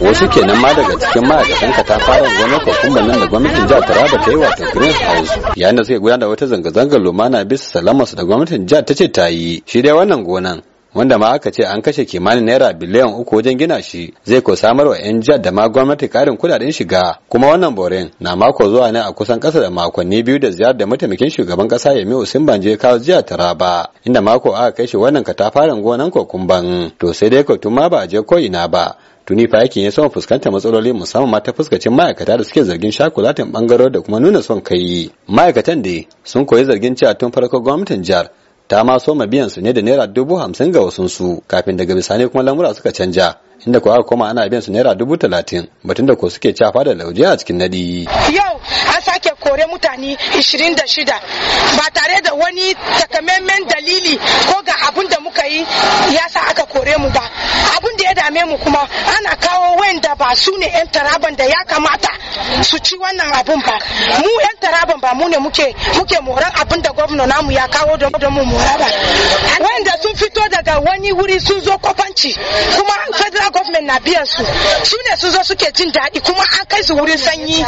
wasu kenan ma daga cikin ma'aikatan katafaren gwamnatin nan da gwamnatin jihar taraba ta yi wato green house yayin da suke gudanar wata zanga-zangar lumana bisa salamarsu da gwamnatin jihar ta ce ta yi shi dai wannan gonan wanda ma aka ce an kashe kimanin naira biliyan uku wajen gina shi zai ko samar wa 'yan jihar da ma gwamnati karin kudaden shiga kuma wannan borin na mako zuwa ne a kusan kasa da makonni biyu da ziyarar da mataimakin shugaban kasa yemi usin banje kawo jiya taraba inda mako aka kai shi wannan katafaren gonan kokumban to sai dai ko tun ma ba a je ko ina ba tuni fa yake ne sama fuskantar matsaloli musamman ma ta fuskacin ma'aikata da suke zargin shakulatin bangaro da kuma nuna son kai ma'aikatan da sun koyi zargin cewa tun farko gwamnatin jihar ta ma soma biyan su ne da naira dubu hamsin ga wasun su kafin daga bisani kuma lamura suka canja inda ko aka koma ana biyan su naira dubu talatin batun da ko suke cafa da lauje a cikin nadi. Yau an sake kore mutane da shida ba tare da wani takamaiman dalili ko ga abun da muka yi ya sa aka kore mu ba. same mu kuma ana kawo wayanda ba su ne 'yan taraban da ya kamata su ci wannan abun ba mu 'yan taraban ba mu ne muke muke moran abin da gwamna namu ya kawo don mu mora ba wayanda sun fito daga wani wuri sun zo kofanci kuma federal government na biyan su su ne sun zo suke jin daɗi kuma an kai su wurin sanyi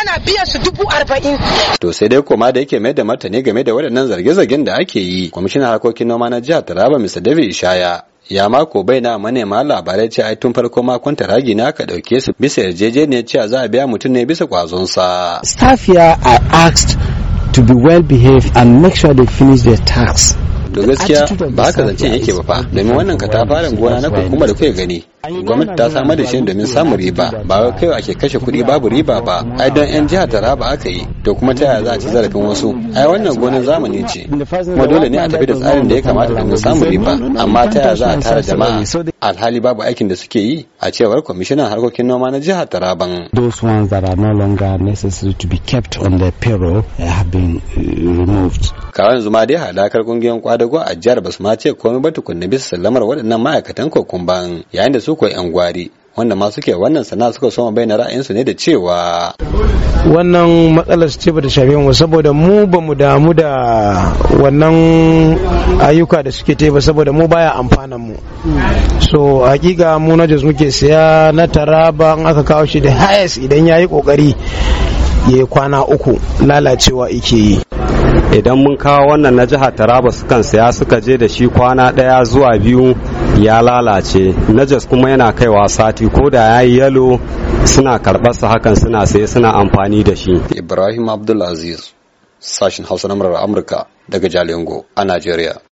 ana biyan su dubu arba'in to sai dai koma da yake mai da martani game da waɗannan zarge-zargen da ake yi kwamishinan harkokin noma na jihar taraba mr david ishaya ya mako bai na manema labarai ce ai tun farko makon taragi na aka dauke su bisa yarjejeniyar cewa za a biya mutum ne bisa kwazonsa. Staff here are asked to be well behaved and make sure they finish their tasks to gaskiya ba haka zance yake ba fa domin wannan katafaren gona na kuma da kai gani gwamnati ta samar da shi domin samun riba ba wai kai ake kashe kuɗi babu riba ba ai dan yan jihar taraba aka yi to kuma ta yaya za a ci zarafin wasu ai wannan gonar zamani ce kuma dole ne a tafi da tsarin da ya kamata domin samun riba amma ta yaya za a tara jama'a alhali babu aikin da suke yi a cewar kwamishinan harkokin noma na jihar taraban those ones that are no longer necessary to be kept on the payroll eh, have been eh, removed kawai yanzu ma dai hadakar kungiyoyin kwada kwadago a jihar basu ma ce komai ba tukunna bisa sallamar waɗannan ma'aikatan kokun ban yayin da su ko yan gwari wanda ma suke wannan sana'a suka soma bayyana ra'ayinsu ne da cewa wannan matsalar ce bata shafe mu saboda mu ba mu damu da wannan ayyuka da suke ta ba saboda mu baya amfanan mu so hakika mu na jos muke siya na taraba in aka kawo shi da hayas idan ya yi kokari ya kwana uku lalacewa ike yi idan mun kawo wannan na jihar taraba sukan saya suka je da shi kwana ɗaya zuwa biyu ya lalace najas kuma yana kaiwa sati ko da ya yi yalo suna karɓar sa hakan suna saye suna amfani da shi ibrahim abdulaziz sashin hausa na amurka daga jalingo a nigeria.